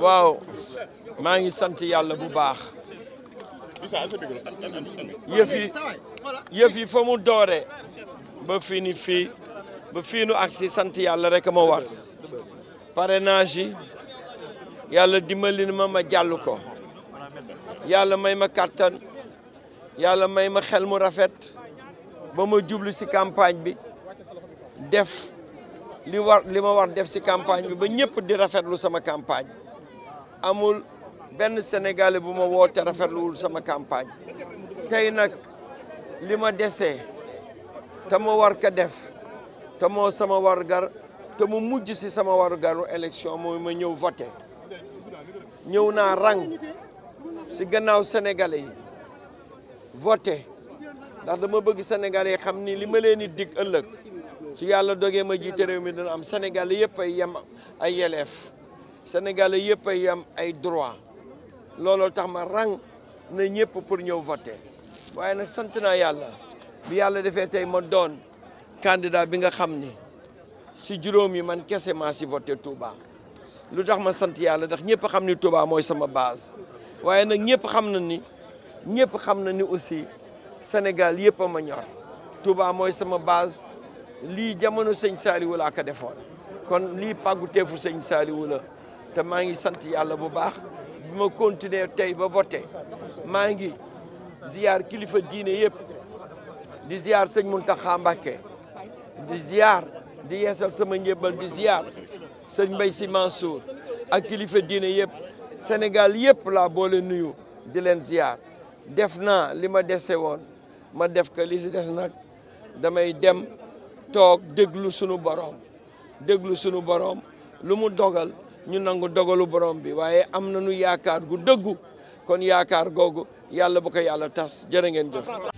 waaw maa ngi sant yàlla bu baax yëfi yëfi yëf fa mu doore ba fii ni fii ba fii nu agsi sant yàlla rek a ma war parrainage yàlla dimbali ma ma jàll ko yàlla may ma kàttan yàlla may ma xel mu rafet ba ma jublu ci campagne bi def li war li ma war def ci campagne bi ba ñepp di rafetlu sama campagne amul ben sénégalais bu ma wote rafetlu sama campagne tay nak li ma déssé ta mo war ka def ta mo sama war gar ta mo mujj ci sama war garu élection moy ma ñew voter ñew na rang ci gannaaw sénégalais yi voter ndax dama bëgg sénégalais xamni li ma leen di dig ëlëk su yàlla dogee ma jiite réew mi dana am Sénégal yëpp ay yem ay yelleef Sénégal yëpp ay yem ay droit looloo tax ma rang na ñëpp pour ñëw vote waaye nag sant naa yàlla bu yàlla defee tey ma doon candidat bi nga xam ni si juróom yi man kese maa si voté Touba lu tax ma sant yàlla ndax ñëpp xam ni Touba mooy sama base waaye nag ñëpp xam na ni ñëpp xam na ni aussi Sénégal yëpp ma ñor Touba mooy sama base li jamono seigne Saliou la ka defoon kon li pagoutefu seigne sëñ la te ma ngi sant yalla bu baax bima continuer tay ba voter ma ngi ziar kilifa diine yep, di ziar seigne Mountakha mbake di ziar di yeesal sama njëbbal di ziar seigne Mbaye Sy Mansour ak kilifa diine yep Sénégal yep la boole nuyu di len ziar defna lima li ma ma def ko li damay dem toog déglu sunu borom déglu sunu borom lu mu dogal ñu nangu dogalu borom bi waaye am nañu yaakaar gu dëggu kon yaakaar googu yàlla bu ko yàlla tas jërë ngeen jëf